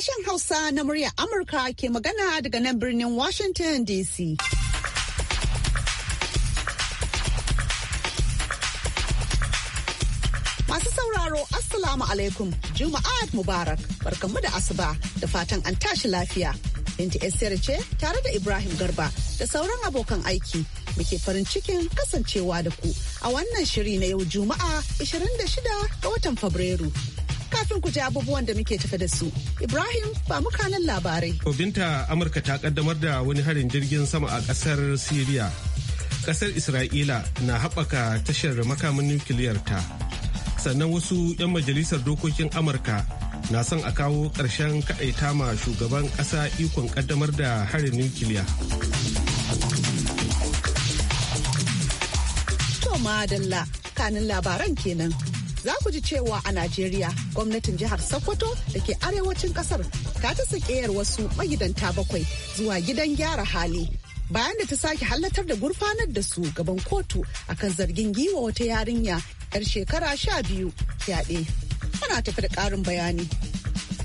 sashen Hausa na muryar Amurka ke magana daga nan birnin Washington DC. Masu sauraro Assalamu alaikum Juma'ad Mubarak barkanmu da asuba da fatan an tashi lafiya. Binti Esther ce tare da Ibrahim Garba da sauran abokan aiki muke farin cikin kasancewa da ku a wannan shiri na yau Juma'a 26 ga watan Fabrairu. kafin ku ji abubuwan da muke tafe da su. Ibrahim ba kanin labarai. To binta Amurka ta kaddamar da wani harin jirgin sama a kasar Siriya. Kasar Isra'ila na haɓaka tashar makamin nukiliyar ta. Sannan wasu 'yan majalisar dokokin Amurka na son a kawo ƙarshen kaɗaita ma shugaban ƙasa ikon kaddamar da harin nukiliya. To madalla kanin labaran kenan. za ku ji cewa a Najeriya gwamnatin jihar Sokoto da ke arewacin kasar ta ta sakeyar wasu magidanta bakwai zuwa gidan gyara hali bayan da ta sake hallatar da gurfanar da su gaban kotu akan zargin giwa wata yarinya 'yar shekara sha biyu fyaɗe. Muna tafi da ƙarin bayani.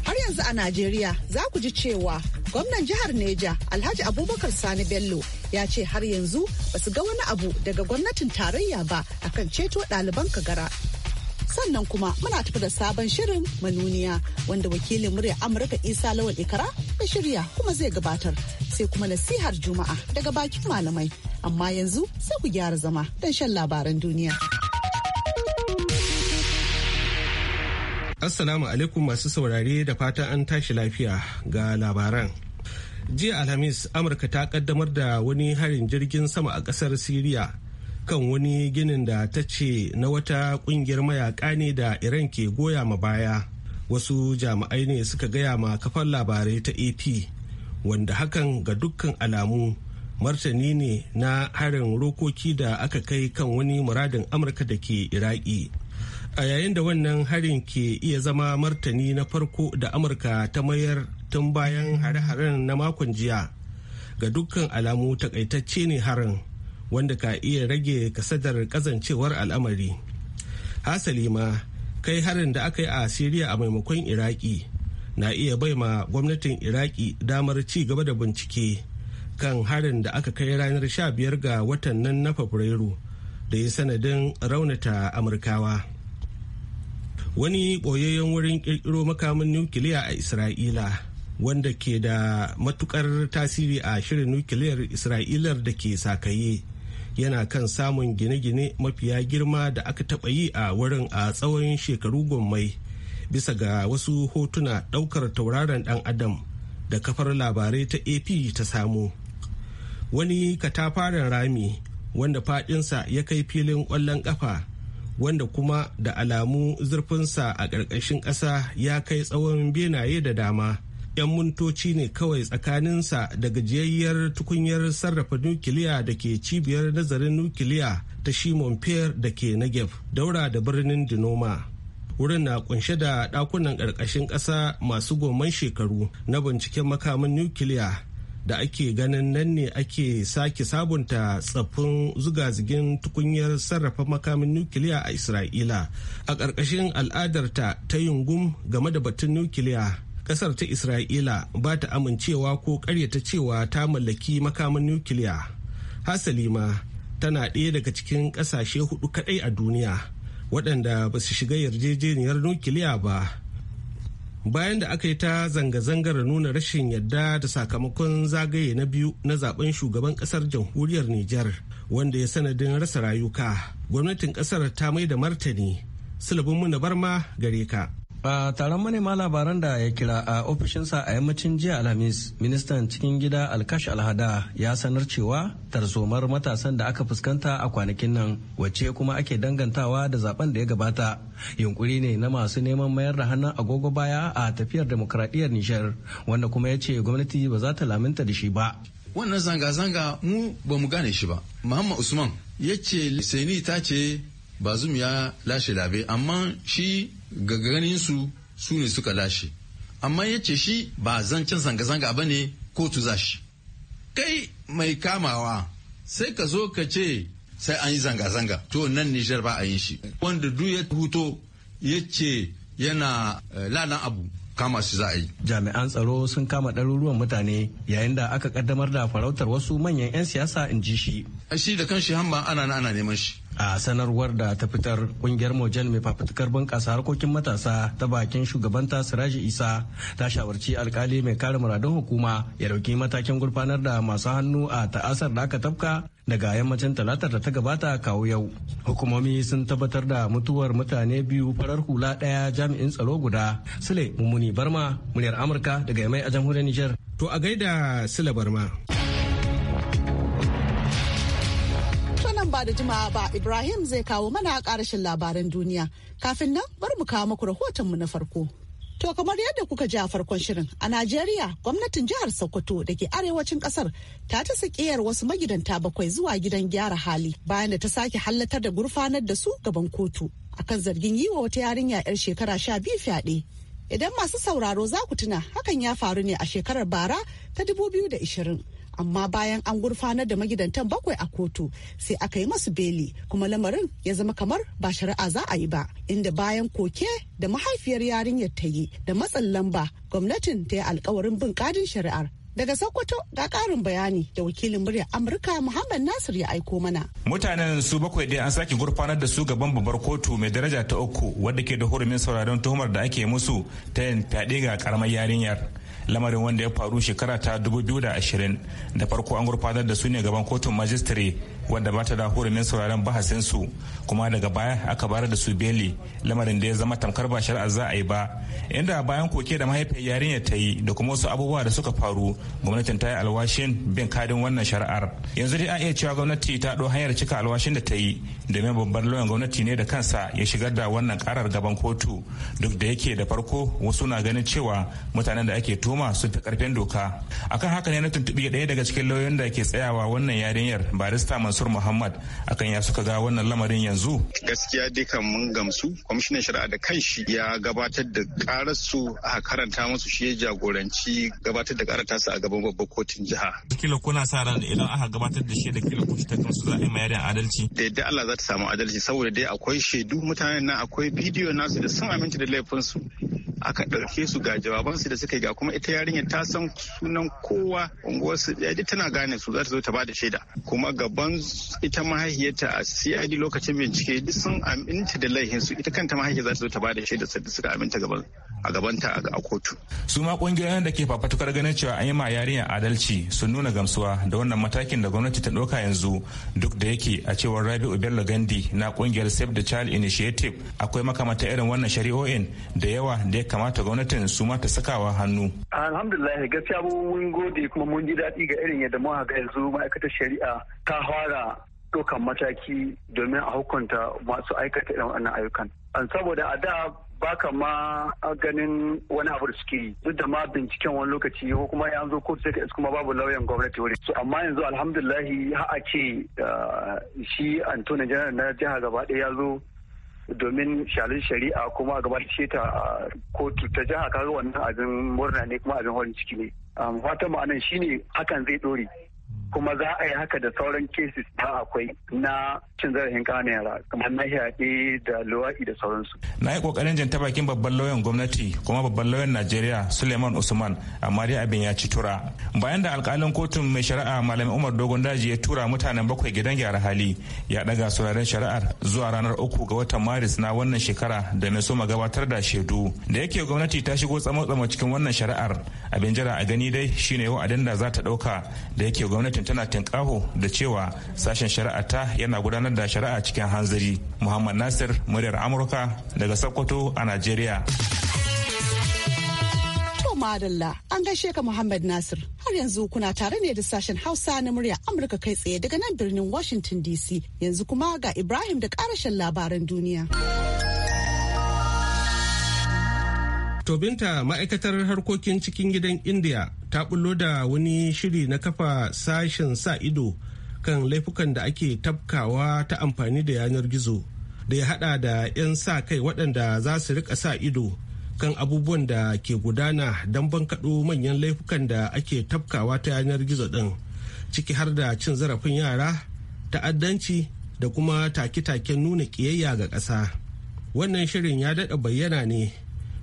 Har yanzu a Najeriya za ku ji cewa gwamnan jihar Neja Alhaji Abubakar Sani Bello ya ce har yanzu ba su ga wani abu daga gwamnatin tarayya ba akan ceto ɗaliban kagara sannan kuma muna tafi da sabon shirin manuniya wanda wakilin murya amurka isa lawal ikara ya shirya kuma zai gabatar sai kuma nasihar juma'a daga bakin malamai amma yanzu sai ku gyara zama don shan labaran duniya assalamu alaikum masu saurare da fatan an tashi lafiya ga labaran jiya alhamis amurka ta kaddamar da wani harin jirgin sama a kasar siriya kan wani ginin da ta ce na wata kungiyar mayaka ne da iran ke goya ma baya wasu jami'ai ne suka gaya ma kafar labarai ta ap wanda hakan ga dukkan alamu martani ne na harin rokoki da aka kai kan wani muradin amurka da ke iraki a yayin da wannan harin ke iya zama martani na farko da amurka ta mayar tun bayan hare-haren na makon jiya ga dukkan alamu takaitacce ne harin wanda ka iya rage kasadar kazancewar al'amari hasali ma kai harin da aka yi a siriya a maimakon iraki na iya bai ma gwamnatin iraki damar ci gaba da bincike kan harin da aka kai ranar 15 ga watan nan na fabrairu da ya sanadin raunata amurkawa wani ɓoyayyen wurin ƙirƙiro makamin nukiliya a isra'ila wanda ke da matukar tasiri a shirin nukiliyar isra'ilar da ke sakaye yana kan samun gine-gine mafiya girma da aka taɓa yi a wurin a tsawon shekaru gwammai bisa ga wasu hotuna ɗaukar tauraron ɗan adam da kafar labarai ta ap ta samu wani katafaren rami wanda faɗinsa ya kai filin ƙwallon ƙafa wanda kuma da alamu zurfinsa a ƙarƙashin ƙasa ya kai tsawon benaye da dama 'yan mintoci ne kawai tsakaninsa da gajiyayyar tukunyar sarrafa nukiliya da ke cibiyar nazarin nukiliya ta shimon pier da ke negev daura da birnin dinoma wurin na kunshe da dakunan ƙarƙashin ƙasa masu goman shekaru na binciken makamin nukiliya da ake ganin nan ne ake sake sabunta tsaffin zugazugin tukunyar sarrafa makamin nukiliya a isra'ila a ƙarƙashin al'adarta ta yungum game da batun nukiliya kasar ta isra'ila ba ta amincewa ko karyata cewa ta mallaki makaman nukiliya hasali ma tana ɗaya daga cikin ƙasashe hudu kaɗai a duniya waɗanda ba su shiga yarjejeniyar nukiliya ba bayan da aka yi ta zanga-zangar nuna rashin yadda da sakamakon zagaye na biyu na zaben shugaban kasar jamhuriyar Nijar wanda ya sanadin rasa rayuka gwamnatin kasar ta mai da martani mu muna barma gare ka ba taron manema labaran da ya kira a ofishinsa a yammacin jiya Alhamis, ministan cikin gida Alkash Alhada ya sanar cewa tarzomar matasan da aka fuskanta a kwanakin nan wacce kuma ake dangantawa da zaben da ya gabata. Yunkuri ne na masu neman mayar da hannun agogo baya a tafiyar demokradiyyar Nijar, wanda kuma ya ce gwamnati ba za ta laminta da shi ba. Wannan zanga-zanga mu ba mu gane shi ba. Muhammad Usman ya ce Saini ta ce Bazum ya lashe labe amma shi ga ganin su su ne suka lashe amma ya ce shi ba zancen zanga-zanga ba ne kotu za shi kai mai kamawa sai ka zo ka ce sai an yi zanga-zanga to nan nijar ba a yin shi wanda duk ya huto ya ce yana eh, lalan abu kama shi za a yi. Jami'an tsaro sun kama ɗaruruwan mutane yayin da aka kaddamar da farautar wasu manyan 'yan siyasa in ji shi. Shi da kanshi shi ana ana neman shi. a sanarwar da ta fitar kungiyar mojan mai fafutukar bunƙasa harkokin matasa ta bakin shugabanta siraji isa ta shawarci alkali mai kare muradun hukuma ya dauki matakin gurfanar da masu hannu a ta'asar da aka tafka daga yammacin talatar da ta gabata kawo yau hukumomi sun tabbatar da mutuwar mutane biyu farar hula ɗaya jami'in tsaro guda sule mummuni barma muryar amurka daga yamai a jamhuriyar niger to a gaida sule barma nan ba da jima'a ba Ibrahim zai kawo mana rashin labaran duniya. Kafin nan bar mu kawo muku mu na farko. To kamar yadda kuka ji a farkon shirin a Najeriya gwamnatin jihar Sokoto da ke arewacin kasar ta ta sakiyar wasu magidanta bakwai zuwa gidan gyara hali bayan da ta sake hallatar da gurfanar da su gaban kotu akan zargin yi wa wata yarinya 'yar shekara sha biyu fyaɗe. Idan masu sauraro za ku tuna hakan ya faru ne a shekarar bara ta dubu biyu da ishirin. amma bayan an gurfanar da magidantan bakwai a kotu sai aka yi masu beli kuma lamarin ya zama kamar ba shari'a za a yi ba inda bayan koke da mahaifiyar yarinyar ta yi da matsan lamba gwamnatin ta yi alkawarin bin kadin shari'ar Daga Sokoto ga karin bayani da wakilin muryar Amurka Muhammad Nasir ya aiko mana. Mutanen su bakwai dai an sake gurfanar da su gaban babbar kotu mai daraja ta uku wadda ke da hurumin sauraron tuhumar da ake musu ta yin fyaɗe ga karamar yarinyar. lamarin wanda ya faru shekara ta 2020 da farko an gurfanar da su ne gaban kotun majistare wanda ba ta da hurumin sauraron bahasin su kuma daga baya aka bayar da su beli lamarin da ya zama tamkar ba shari'a za a yi ba inda bayan koke da mahaifiyar yarinyar ta yi da kuma wasu abubuwa da suka faru gwamnatin ta yi alwashin bin kadin wannan shari'ar yanzu dai a iya cewa gwamnati ta ɗo hanyar cika alwashin da ta yi domin babban lauyan gwamnati ne da kansa ya shigar da wannan karar gaban kotu duk da yake da farko wasu na ganin cewa mutanen da ake tuma sun fi karfin doka akan haka ne na tuntuɓi ɗaya daga cikin lauyoyin da ke tsayawa wannan yarinyar barista mansur muhammad akan ya suka ga wannan lamarin yanzu gaskiya dukkan mun gamsu kwamishinan shari'a da kanshi ya gabatar da karar su a karanta musu shi ya jagoranci gabatar da karar tasu a gaban babban kotun jiha kila kuna sa ran idan aka gabatar da shi da kila kun ta kansu za a yi mayarin adalci da yadda Allah za ta samu adalci saboda dai akwai shaidu mutanen nan akwai bidiyo nasu da sun aminta da laifin su aka ɗauke su ga jawabansu da suka yi ga kuma ita yarinyar ta san sunan kowa unguwarsu yaji tana gane su za ta zo ta bada shaida kuma gaban ita mahaifiyarta a CID lokacin bincike duk sun aminta da laihin su ita kanta mahaifiyar za ta zo ta bada shaida sai suka aminta gaban a gabanta a kotu su ma kungiyoyin da ke fafatukar ganin cewa an yi ma yarinyar adalci sun nuna gamsuwa da wannan matakin da gwamnati ta ɗauka yanzu duk da yake a cewar Rabi'u Bello Gandi na kungiyar Save the Child Initiative akwai makamata irin wannan shari'o'in da yawa da ya kamata gwamnatin su ma ta sakawa hannu. Alhamdulillah gaskiya mun gode kuma mun ji daɗi ga irin yadda mu ga yanzu ma'aikatar shari'a ta fara ɗaukan mataki domin a hukunta masu aikata irin wannan ayyukan. Saboda a da baka ma ganin wani abu da suke yi duk da ma binciken wani lokaci ko kuma ya zo kotu sai kuma babu lauyan gwamnati wuri so amma yanzu alhamdulahi ha'a ce eh, shi antoni janar na jiha gaba ɗaya ya zo domin shalin shari'a kuma a gabatar ta a kotu ta jiha kaga wannan abin murna ne kuma abin horin ciki ne fatan ma'anan ne hakan zai ɗore. kuma za a yi haka da sauran cases da akwai na cin zarafin ƙananan yara kamar na shaɗe da luwaɗi da sauransu. na yi ƙoƙarin jin bakin babban lauyan gwamnati kuma babban lauyan najeriya suleiman usman amma dai abin ya ci tura bayan da alƙalin kotun mai shari'a malam umar dogon daji ya tura mutanen bakwai gidan gyara hali ya ɗaga sauraren shari'ar zuwa ranar uku ga watan maris na wannan shekara da mai so gabatar da shaidu da yake gwamnati ta shigo tsamo-tsamo cikin wannan shari'ar abin jira a gani dai shine wa'adin da za ta ɗauka da yake gwamnatin tana tinkaho da cewa sashen shari'a ta yana gudanar da shari'a cikin hanzari muhammad nasir muryar amurka daga sokoto a najeriya madalla an gaishe ka Muhammad Nasir har yanzu kuna tare ne da sashen Hausa na murya Amurka kai tsaye daga nan birnin Washington DC yanzu kuma ga Ibrahim da karashen labaran duniya. tobinta ma'aikatar harkokin cikin gidan India ta bullo da wani shiri na kafa sashen sa ido kan laifukan da ake tabkawa ta amfani da yanar gizo da ya hada da 'yan sa kai waɗanda za su rika sa ido kan abubuwan da ke gudana don bankaɗo manyan laifukan da ake tabkawa ta yanar gizo ɗin ciki har da cin zarafin yara ta'addanci da kuma take-taken nuna ƙiyayya ga ƙasa wannan shirin ya daɗa bayyana ne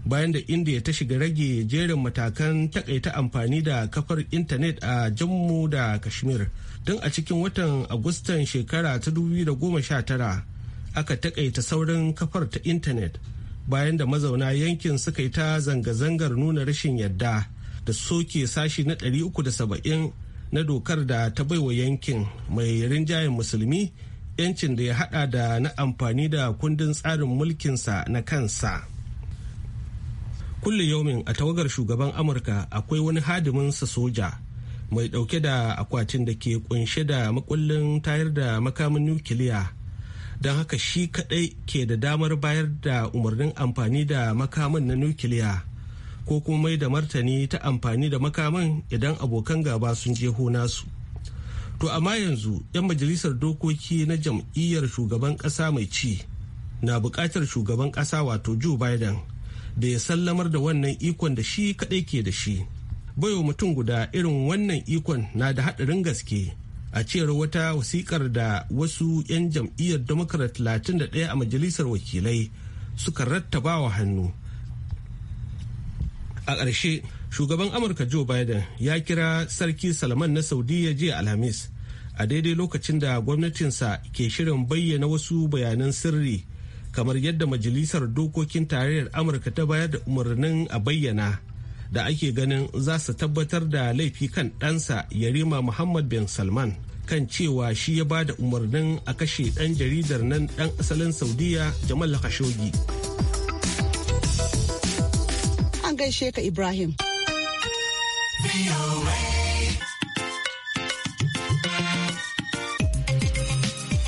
bayan da india ta shiga rage jerin matakan takaita amfani da kafar intanet a jammu da kashmir don a cikin watan agustan shekara ta 2019 aka takaita saurin kafar ta intanet bayan da mazauna yankin suka yi ta zanga-zangar nuna rashin yadda da soke sashi na 370 na dokar da ta baiwa yankin mai rinjayen musulmi yancin da ya hada da na amfani da kundin tsarin mulkinsa na kansa. kulle yomin a tawagar shugaban amurka akwai wani hadimin sa soja mai dauke da akwatin da ke kunshe da makullin tayar da makamin nukiliya don haka shi kadai ke da damar bayar da umarnin amfani da makamin na nukiliya ko kuma mai da martani ta amfani da makamin idan abokan gaba sun je hona nasu to amma yanzu 'yan majalisar dokoki na jam'iyyar shugaban kasa mai ci na bukatar shugaban kasa wato joe biden da ya sallamar da wannan ikon da shi kaɗai ke da shi baiwa mutum guda irin wannan ikon na da haɗarin gaske a cewar wata wasikar da wasu 'yan jam'iyyar democrat 31 a majalisar wakilai suka rattaba wa hannu a ƙarshe shugaban amurka joe biden ya kira sarki salman na saudiya jiya alhamis a daidai lokacin da gwamnatinsa ke shirin bayyana wasu bayanan sirri kamar yadda majalisar dokokin tarayyar amurka ta bayar da umarnin a bayyana da ake ganin za su tabbatar da laifi kan ɗansa yarima muhammad bin salman kan cewa shi ya ba da umarnin a kashe ɗan jaridar nan ɗan asalin saudiya jamal khashoggi an gaishe ka ibrahim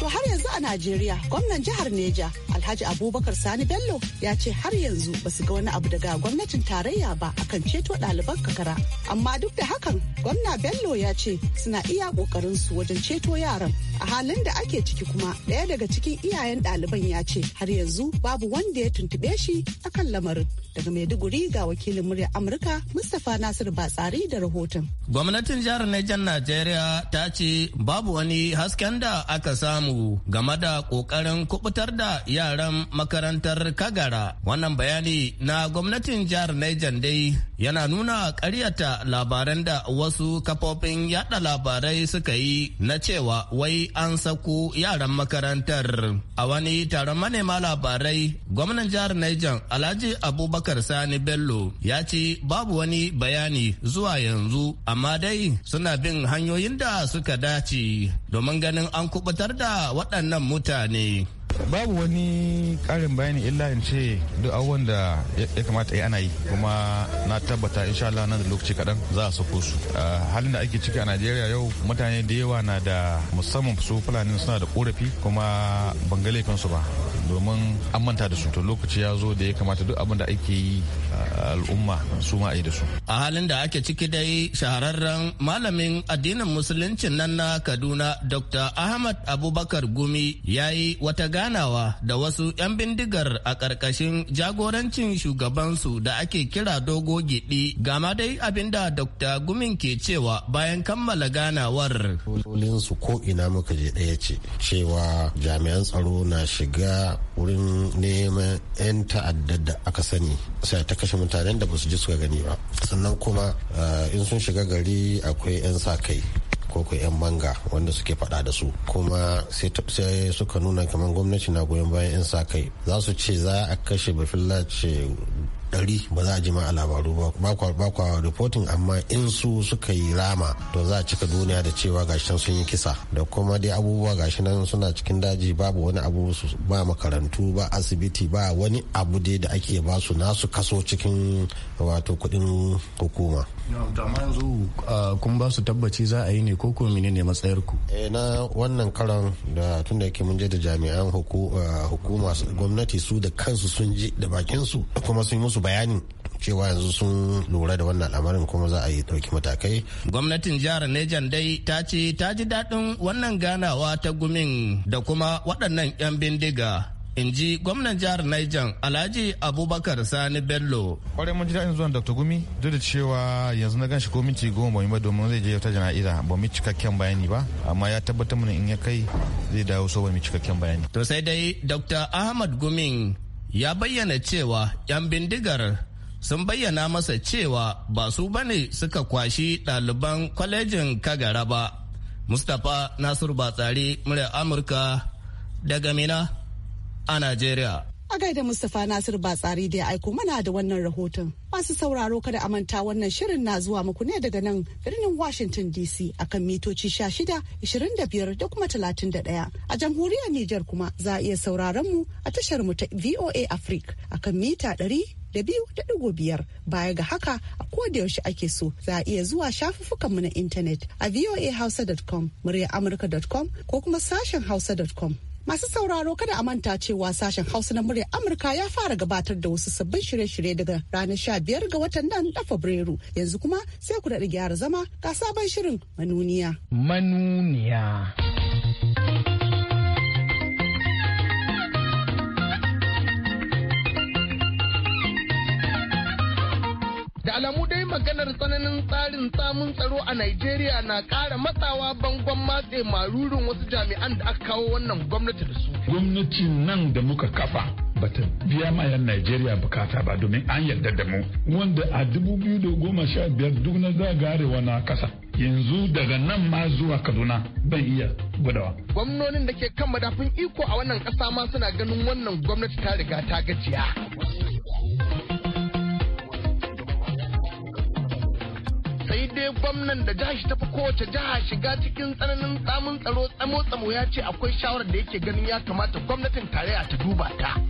To har yanzu a Najeriya, gwamnan jihar Neja Alhaji Abubakar Sani Bello ya ce har yanzu ba su ga wani abu daga gwamnatin tarayya ba akan ceto ɗaliban kakara. Amma duk da hakan gwamna Bello ya ce suna iya ƙoƙarin su wajen ceto yaran. A halin da ake ciki kuma ɗaya daga cikin iyayen ɗaliban ya ce har yanzu babu wanda ya tuntuɓe shi akan lamarin. Daga Maiduguri ga wakilin murya Amurka Mustapha Nasir Batsari da rahoton. Gwamnatin jihar Nijar Najeriya ta ce babu wani hasken da aka samu game da ƙoƙarin kubutar da yara. yaran makarantar Kagara. Wannan bayani na gwamnatin jihar Niger dai yana nuna karyata labaran da wasu kafofin yada labarai suka yi na cewa wai an sako yaran makarantar. A wani taron manema labarai, gwamnan jihar Niger Alhaji Abubakar Sani Bello ya ce babu wani bayani zuwa yanzu, amma dai suna bin hanyoyin da suka dace domin ganin an kubutar da waɗannan mutane. babu wani karin bayani illa in ce duk abubuwan da ya kamata ya ana yi kuma na tabbata insha Allah nan da lokaci kaɗan za a sako su halin da ake ciki a Najeriya yau mutane da yawa na da musamman su fulani suna da korafi kuma ban bangale kansu ba domin an manta da su to lokaci ya zo da ya kamata duk abin da ake yi al'umma su ma a da su a halin da ake ciki dai shahararren malamin addinin musuluncin nan na kaduna dr ahmad abubakar gumi ya yi wata ganawa da wasu 'yan bindigar a karkashin jagorancin shugabansu da ake kira dogo gidi gama dai abinda dr gumin ke cewa bayan kammala ganawar su ko ina muka je ɗaya ce cewa jami'an tsaro na shiga wurin neman 'yan ta'adda da aka sani sai ta kashe mutanen da ba su ji suka gani ba sannan kuma ah, in sun shiga gari akwai 'yan sa kai ko kai 'yan manga wanda suke fada da su kuma sai suka nuna kamar gwamnati na goyon bayan 'yan sa kai za su ce za a kashe bafillace ɗari ba za a ji ma a labaru ba ba kwa reporting amma in su suka yi rama to za a cika duniya da cewa gashi nan sun yi kisa da kuma dai abubuwa gashi nan suna cikin daji babu wani abu ba makarantu ba asibiti ba wani abu dai da ake ba su nasu kaso cikin wato kuɗin hukuma. amma yanzu kun ba su tabbaci za a yi ne ko ko ne matsayar ku. Eh, na wannan karan da tun da yake mun je da jami'an hukuma gwamnati su da kansu sun ji da bakin kuma sun yi musu bayanin cewa yanzu sun lura da wannan lamarin kuma za a yi ɗauki matakai. Gwamnatin jihar Nejan dai ta ce ta ji daɗin wannan ganawa ta gumin da kuma waɗannan 'yan bindiga. In ji gwamnan jihar Niger Alhaji Abubakar Sani Bello. Kwarai mun ji daɗin zuwan Dr. Gumi duk da cewa yanzu na ganshi ko minti goma ba ba domin zai je ta jana'iza ba mu cikakken bayani ba amma ya tabbatar mana in ya kai zai dawo so ba mu cikakken bayani. To sai dai Dr. Ahmad Gumin ya bayyana cewa 'yan bindigar sun bayyana masa cewa ba su bane suka kwashi ɗaliban kwalejin kagara ba mustapha nasiru batsari murya amurka daga mina a najeriya A gaida Mustapha Nasir Batsari da ya aiko mana da wannan rahoton. Masu sauraro kada a manta wannan shirin na zuwa muku ne daga nan birnin Washington DC akan mitoci 16, 25 da kuma talatin da 31. A jamhuriyar Nijar kuma za a iya sauraron mu a tashar mu ta VOA Africa akan mita ɗari da biyu da ɗigo biyar baya ga haka a koda yaushe ake so za a iya zuwa shafuffukan mu na intanet a voahausa.com murya amurka.com ko kuma sashen hausa.com Masu sauraro kada a manta cewa sashen Hausa na murya, Amurka ya fara gabatar da wasu sabbin shirye-shirye daga ranar sha biyar ga watan nan na Fabrairu. Yanzu kuma sai ku daɗi gyara zama ga sabon shirin manuniya. Manuniya. Da alamu maganar tsananin tsarin samun tsaro a Najeriya na ƙara matsawa bangon matse marurin wasu jami'an da aka kawo wannan gwamnati da su. Gwamnatin nan da muka kafa bata biya ma yan Najeriya bukata ba domin an yarda da mu. Wanda a dubu biyu da goma sha biyar duk na zagarewa na kasa. Yanzu daga nan ma zuwa Kaduna ban iya gudawa. Gwamnonin da ke kan madafin iko a wannan kasa ma suna ganin wannan gwamnati ta riga ta gajiya. gwamnan da jiha shi tafi kowace jiha shiga cikin tsananin tsamin tsaro tsamo tsamo ya ce akwai shawarar da yake ganin ya kamata gwamnatin tarayya ta duba ta.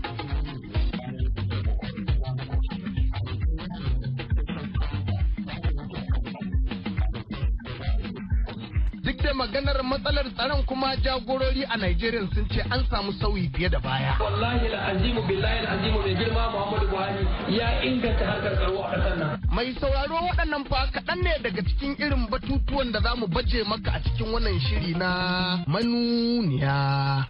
duk da maganar matsalar tsaron kuma jagorori a Najeriya sun ce an samu sauyi fiye da baya. Wallahi al'azimu billahi al'azimu mai girma Muhammadu Buhari ya inganta harkar tsaro a ƙasar nan. Mai sauraro waɗannan fa kaɗan ne daga cikin irin batutuwan da za mu baje maka a cikin wannan shiri na manuniya.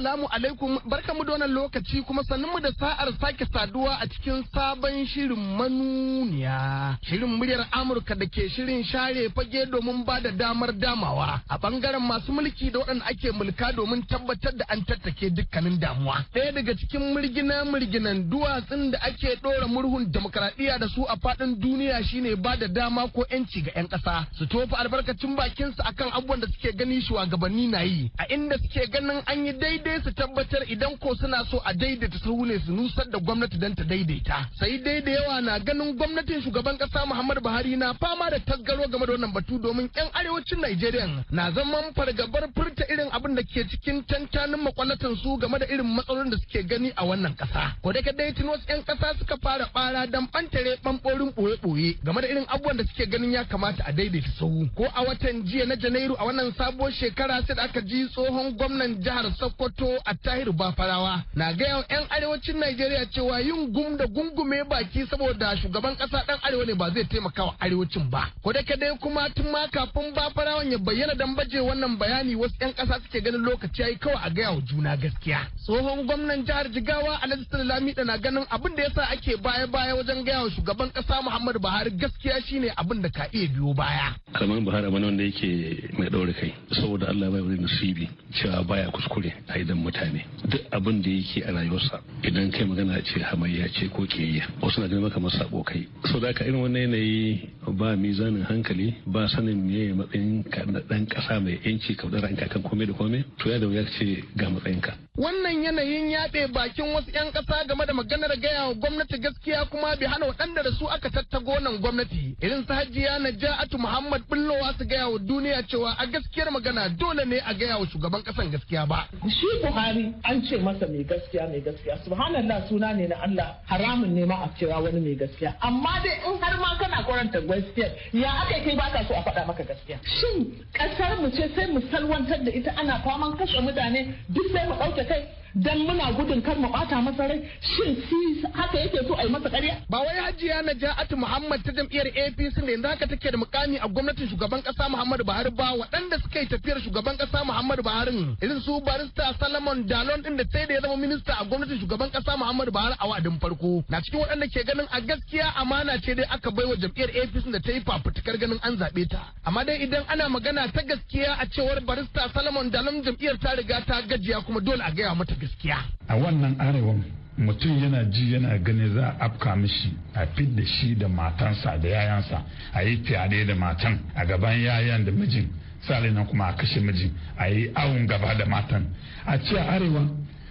Assalamu alaikum mu da wannan lokaci kuma sannunmu da sa'ar sake saduwa a cikin sabon shirin manuniya. Shirin muryar Amurka da ke shirin share fage domin ba da damar damawa a bangaren masu mulki da waɗanda ake mulka domin tabbatar da an tattake dukkanin damuwa. Ɗaya daga cikin murgina murginan duwatsun da ake ɗora murhun demokaradiyya da su a faɗin duniya shine ba da dama ko ƴanci ga 'yan ƙasa su tofa albarkacin bakinsu akan abubuwan da suke gani shugabanni na yi a inda suke ganin an yi daidai dai su tabbatar idan ko suna so a daidaita su ne su nusar da gwamnati don ta daidaita sai dai da yawa na ganin gwamnatin shugaban kasa muhammadu buhari na fama da tasgaro game da wannan batu domin yan arewacin najeriya na zaman fargabar furta irin abin da ke cikin tantanin makwalatan su game da irin matsalolin da suke gani a wannan kasa ko da kadai tun wasu yan kasa suka fara bara dan bantare bamborin boye-boye game da irin abubuwan da suke ganin ya kamata a daidaita su. ko a watan jiya na janairu a wannan sabuwar shekara sai da aka ji tsohon gwamnan jihar sokoto Dr. Attahir Bafarawa na gaya 'yan arewacin Najeriya cewa yin gum da gungume baki saboda shugaban kasa dan arewa ne ba zai taimaka wa arewacin ba. Ko da dai kuma tun ma kafin Bafarawan ya bayyana dan baje wannan bayani wasu 'yan kasa suke ganin lokaci yayi kawai a gaya wa juna gaskiya. Tsohon gwamnan jihar Jigawa Alhaji Sulami na ganin abin da yasa ake baya-baya wajen gaya wa shugaban kasa Muhammadu Buhari gaskiya shine abin da ka iya biyo baya. Kalmar Buhari abin wanda yake mai ɗaure kai saboda Allah ya bai wani nasibi cewa baya kuskure a idan mutane duk abin da yake a rayuwarsa idan kai magana ce hamayya ce ko kiyayya wasu na ganin maka masa abokai so da ka irin wannan yanayi ba mizanin hankali ba sanin me matsayin ka na dan kasa mai yanci ka dara kan komai da komai to ya da wuya ce ga matsayin ka wannan yanayin yaɗe bakin wasu 'yan ƙasa game da maganar gaya wa gwamnati gaskiya kuma bi hana waɗanda da su aka tattago nan gwamnati irin su hajiya ja'atu muhammad bullowa su gaya wa duniya cewa a gaskiyar magana dole ne a gaya wa shugaban ƙasan gaskiya ba shi Buhari an ce masa mai gaskiya mai gaskiya subhanallah suna ne na Allah haramun ne ma a cewa wani mai gaskiya amma dai in har ma kana koranta gaskiya ya aka kai baka so a faɗa maka gaskiya shin kasar mu ce sai mu salwantar da ita ana faman kashe mutane duk sai mu ɗauke kai dan muna gudun kar mu bata masa rai shin si haka yake so ai masa ƙarya ba wai hajiya naja'atu muhammad ta jam'iyyar apc ne yanzu haka take da mukami a gwamnatin shugaban kasa muhammadu buhari ba waɗanda suka yi tafiyar shugaban kasa muhammadu buhari irin su barista salomon dalon din da sai da ya zama minista a gwamnatin shugaban kasa muhammadu buhari a wa'adin farko na cikin waɗanda ke ganin a gaskiya amana ce dai aka baiwa jam'iyyar apc da ta yi fafutukar ganin an zaɓe ta amma dai idan ana magana ta gaskiya a cewar barista salomon dalon jam'iyyar ta riga ta gajiya kuma dole a gaya mata gaskiya a wannan arewa mutum yana ji yana gani za a afka mishi a fidda shi da matansa da yayansa a yi fyaɗe da matan a gaban yayan da mijin sale nan kuma a kashe mijin a yi awon gaba da matan a ce a arewa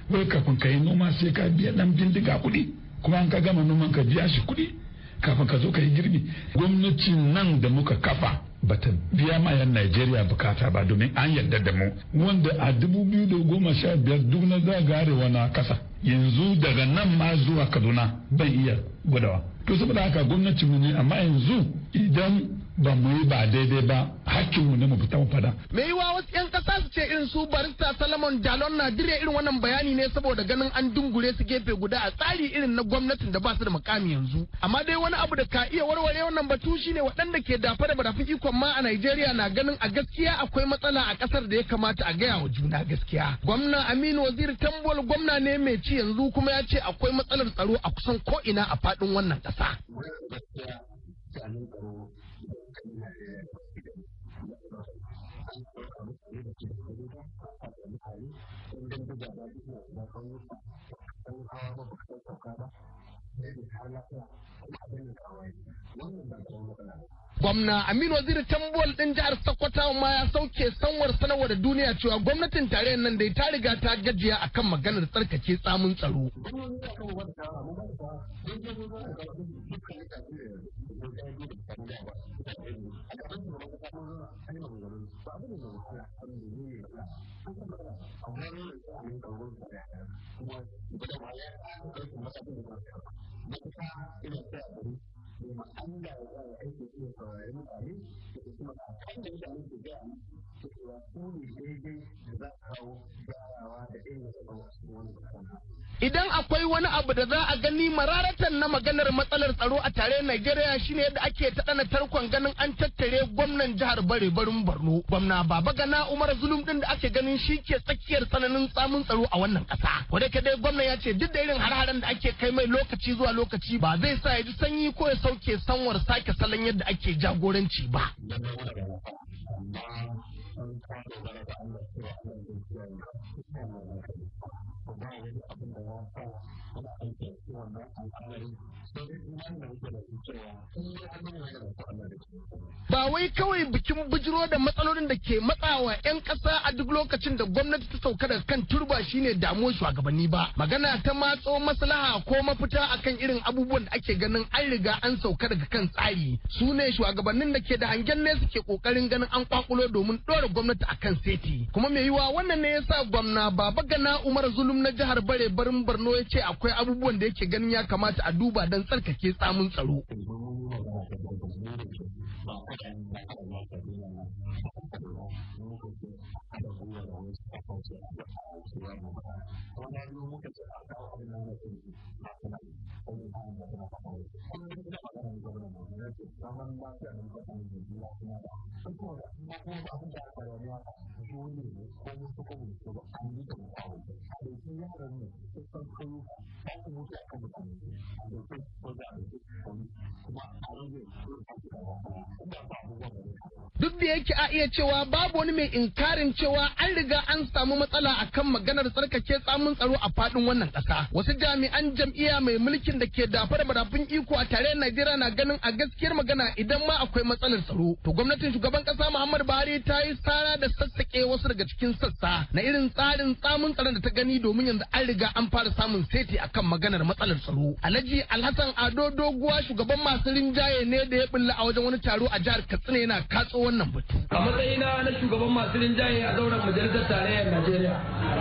wai kafin ka yi noma sai ka biya dan bindiga kuɗi kuma an ka gama noman ka biya shi kuɗi kafin ka zo ka yi girbi gwamnati nan da muka kafa bata biya ma yan Najeriya bukata ba domin an yarda da mu wanda a dubu goma sha biyar duk na zagarewa na kasa yanzu daga nan ma zuwa Kaduna bai iya gudawa to saboda haka mu ne amma yanzu idan ba mu yi ba daidai ba hakkinmu ne mu fita mu fada. Me yiwa wasu 'yan kasa su ce irin su barista Salomon Jalon na dire irin wannan bayani ne saboda ganin an dungure su gefe guda a tsari irin na gwamnatin da ba su da makami yanzu. Amma dai wani abu da ka iya warware wannan batu shine waɗanda ke dafa da barafin ikon ma a Najeriya na ganin a gaskiya akwai matsala a ƙasar da ya kamata a gaya wa juna gaskiya. Gwamna Aminu Waziri Tambol gwamna ne mai ci yanzu kuma ya ce akwai matsalar tsaro a kusan ko ina a faɗin wannan ƙasa. wannan ba ta matsala gwamna aminu waziri tambol ɗin jihar sokoto ma ya sauke sanwar sanarwa da duniya cewa gwamnatin tarayyar nan dai ta riga ta gajiya a kan maganar tsarkake tsamun tsaro Thank you. kuma Allah za zara aiki su da saurari mutane da su kuma kan da mutane su gaya su cewa su ne daidai da za a kawo gyarawa da inganta kawo cikin wani kasana. idan akwai wani abu da za a gani mararatan na maganar matsalar tsaro a tare Najeriya shine yadda ake ta dana tarkon ganin an tattare gwamnan jihar Bare barin Borno gwamna Baba Gana Umar Zulum din da ake ganin shi ke tsakiyar tsananin tsamin tsaro a wannan kasa wanda kadai gwamna ya ce duk da irin harharan da ake kai mai lokaci zuwa lokaci ba zai sa ya ji sanyi ko ya sauke sanwar sake salon yadda ake jagoranci ba Thank you. ba wani abin da ya sa ana aiki a cikin wannan al'amari Ba wai kawai bikin bujiro da matsalolin da ke matsawa 'yan kasa a duk lokacin da gwamnati ta sauka daga kan turba shine damuwar shugabanni ba. Magana ta matso maslaha ko mafita akan irin abubuwan da ake ganin an riga an sauka daga kan tsari. Su ne shugabannin da ke da hangen ne suke kokarin ganin an kwakulo domin ɗora gwamnati akan seti. Kuma mai yiwa wannan ne yasa gwamna Baba Gana Umar Zulum na jihar Bare Barin Borno ya ce akwai abubuwan da yake ganin ya kamata a duba don don tsarkake samun tsaro. Thank you. da yake a iya cewa babu wani mai inkarin cewa an riga an samu matsala a kan maganar tsarkake tsamin tsaro a fadin wannan ƙasa. Wasu jami'an jam'iyya mai mulkin da ke dafar da iko a tare Najeriya na ganin a gaskiyar magana idan ma akwai matsalar tsaro. To gwamnatin shugaban ƙasa Muhammadu Buhari ta yi tsara da sassaƙe wasu daga cikin sassa na irin tsarin tsamin tsaron da ta gani domin yanzu an riga an fara samun seti a kan maganar matsalar tsaro. Alhaji Alhassan Ado Doguwa shugaban masu rinjaye ne da ya bulla a wajen wani taro a jihar Katsina yana katso wannan A matsayina na shugaban masu rinjaye a zauren majalisar tarayyar Najeriya.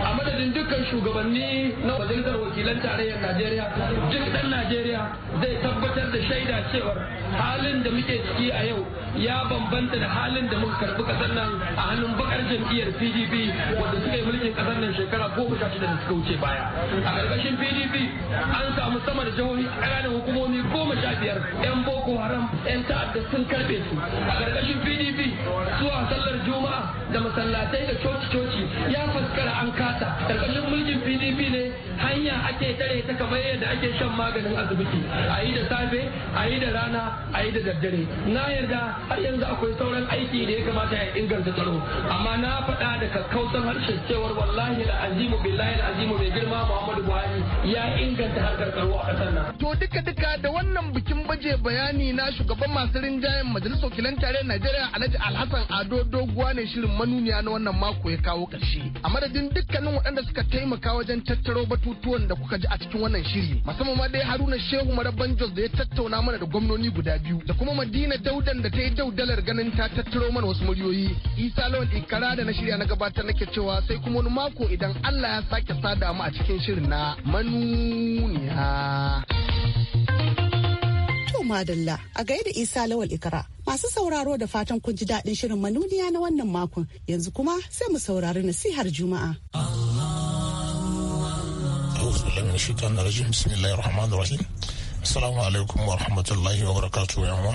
A madadin dukkan shugabanni na majalisar wakilan tarayyar Najeriya, duk ɗan Najeriya zai tabbatar da shaida cewar halin da muke ciki a yau ya bambanta da halin da muka karbi kasar nan a hannun bakar jam'iyyar PDP wanda suka yi mulkin kasar nan shekara goma sha shida da suka wuce baya. A ƙarƙashin PDP an samu sama da jihohi ƙananan hukumomi goma sha biyar 'yan Boko Haram 'yan ta'adda sun karɓe su. A ƙarƙashin PDP zuwa sallar juma'a da masallatai da coci-coci ya faskara an kasa karkashin mulkin pdp ne hanya ake tare ta kamar yadda ake shan maganin asibiti a yi da safe a yi da rana a yi da daddare na yarda har yanzu akwai sauran aiki da ya kamata ya inganta tsaro amma na faɗa da kakkausan harshen cewar wallahi da azimu billahi da azimu mai girma muhammadu buhari ya inganta harkar tsaro a ƙasar nan to duka duka da wannan baje bayani na shugaban masu rinjayen majalisar wakilan tarayyar Najeriya Alhaji Alhassan Ado Doguwa ne shirin manuniya na wannan mako ya kawo ƙarshe. A madadin dukkanin waɗanda suka taimaka wajen tattaro batutuwan da kuka ji a cikin wannan shiri. Musamman ma dai Haruna Shehu Maraban Jos da ya tattauna mana da gwamnoni guda biyu da kuma Madina Daudan da ta yi daudalar ganin ta tattaro mana wasu muryoyi. Isa Lawan Ikara da na shirya na gabatar nake cewa sai kuma wani mako idan Allah ya sake sada mu a cikin shirin na manuniya. To madalla a gaida Isa Lawal ikara Masu sauraro da fatan kun ji daɗin shirin manuniya na wannan makon. Yanzu kuma sai mu saurari nasihar Juma'a. Assalamu alaikum wa rahmatullahi wa barakatuhu yamma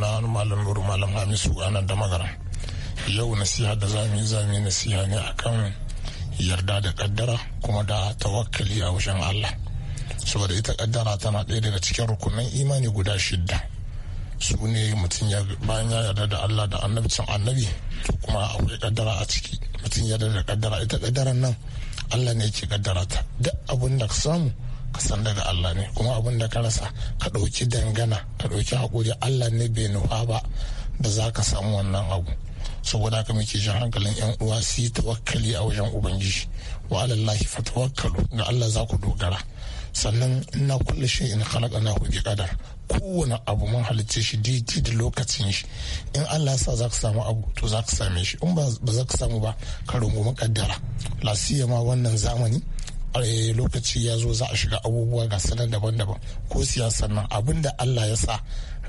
hannu malam nuru malam hamisu ana da magana yau nasiha da zami zami na nasiha ne akan yarda da kaddara kuma da tawakkali a wajen Allah saboda ita kaddara tana ɗaya daga cikin rukunan imani guda shidda su ne mutum ya bayan ya yarda da Allah da annabcin annabi to kuma akwai kaddara a ciki mutum ya yarda da kaddara ita kaddaran nan Allah ne yake kaddara ta duk abin da ka samu ka san daga Allah ne kuma abun da ka rasa ka ɗauki dangana ka ɗauki haƙuri Allah ne bai nufa ba da za ka samu wannan abu saboda haka muke jin hankalin yan uwa su yi tawakkali a wajen ubangiji wa alallahi fatawakkalu ga Allah za ku dogara sannan ina kulle shi in halaka na bi kadar kowane abu mun halicce shi daidai da lokacin shi in Allah sa za ka samu abu to za ka same shi in ba za ka samu ba ka rungumi kaddara lasiya ma wannan zamani eh, lokaci ya zo za a shiga abubuwa ga sanar daban-daban ko siyasar nan abin da Allah ya sa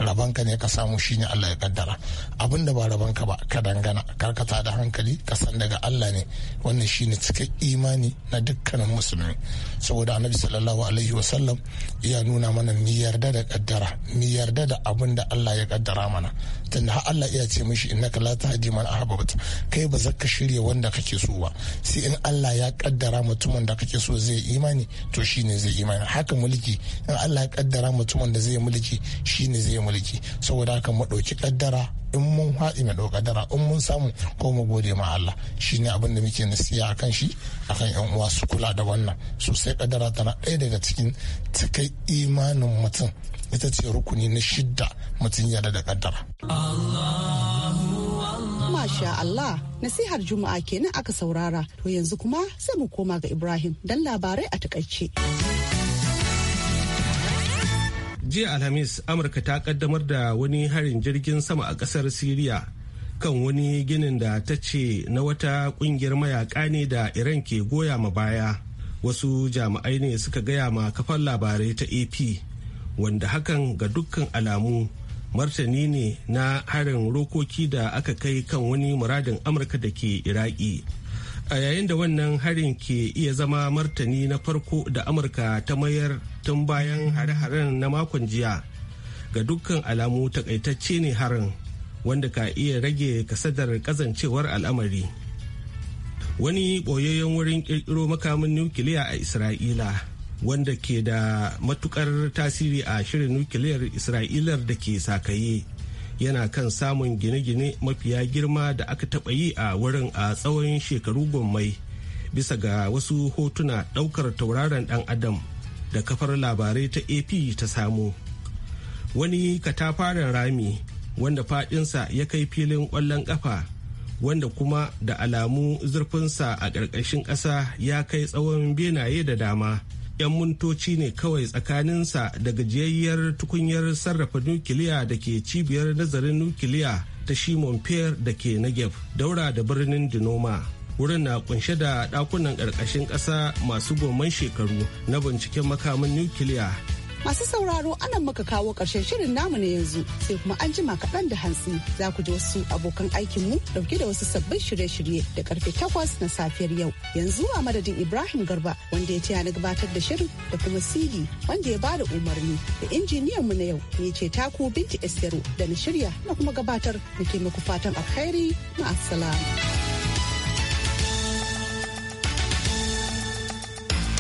rabanka ne ka samu shine Allah ya kaddara abin da ba rabanka ba ka dangana karkata da hankali ka san daga Allah ne wannan shine cikin imani na dukkanin musulmi saboda annabi sallallahu alaihi sallam ya nuna mana mi yarda da kaddara mi yarda da abin da Allah ya kaddara mana kaftan har Allah iya ce mishi na la tahdi man ahbabta kai ba zaka shirya wanda kake so ba sai in Allah ya kaddara mutumin da kake so zai yi imani to shine zai imani haka mulki in Allah ya kaddara mutumin da zai mulki shine zai mulki saboda haka mu dauki kaddara in mun haɗi mai ɗauka kaddara in mun samu ko mu gode ma Allah shine abin da muke nasiya kan shi a kan yan uwa su kula da wannan sosai kaddara tana ɗaya daga cikin cikai imanin mutum ita ce rukuni na shidda mutum ya da kaddara. Masha Allah nasihar Juma'a kenan aka saurara to yanzu kuma sai mu koma ga Ibrahim don labarai a takaice. Jiya Alhamis Amurka ta kaddamar da wani harin jirgin sama a kasar Siriya kan wani ginin da ta ce na wata kungiyar mayaka ne da Iran ke goya ma baya. Wasu jami'ai ne suka gaya ma kafan labarai ta AP. wanda hakan ga dukkan alamu martani ne na harin rokoki da aka kai kan wani muradin amurka da ke iraki a yayin da wannan harin ke iya zama martani na farko da amurka ta mayar tun bayan hare-haren na makon jiya ga dukkan alamu takaitacce ne harin wanda ka iya rage kasadar kazancewar al'amari wani ɓoyayyen wurin ƙirƙiro makamin nukiliya a isra'ila wanda ke da matukar tasiri a shirin nukiliyar isra'ilar da ke sakaye yana kan samun gine-gine mafiya girma da aka taɓa yi a wurin a tsawon shekaru gommai bisa ga wasu hotuna ɗaukar tauraron ɗan adam da kafar labarai ta ap ta samu wani katafaren rami wanda faɗinsa ya kai filin ƙwallon ƙafa wanda kuma da alamu zurfinsa a ƙarƙashin ƙasa ya kai tsawon benaye da dama 'yan mintoci ne kawai tsakaninsa da gajiyayyar tukunyar sarrafa nukiliya da ke cibiyar nazarin nukiliya ta shimon pier da ke negev daura da birnin dinoma wurin na kunshe da dakunan ƙarƙashin ƙasa masu goman shekaru na binciken makamin nukiliya Masu sauraro anan muka kawo ƙarshen shirin namu na yanzu sai kuma an jima kaɗan da hantsi za ku ji wasu abokan aikinmu ɗauke da wasu sabbin shirye-shirye da karfe takwas na safiyar yau. Yanzu a madadin Ibrahim Garba wanda ya taya na gabatar da shirin da kuma CD wanda ya bada umarni da injiniyan mu na yau ne ce taku Binti Esteru da na shirya na kuma gabatar muke ke muku fatan Alheri alkhairi ma'assalam.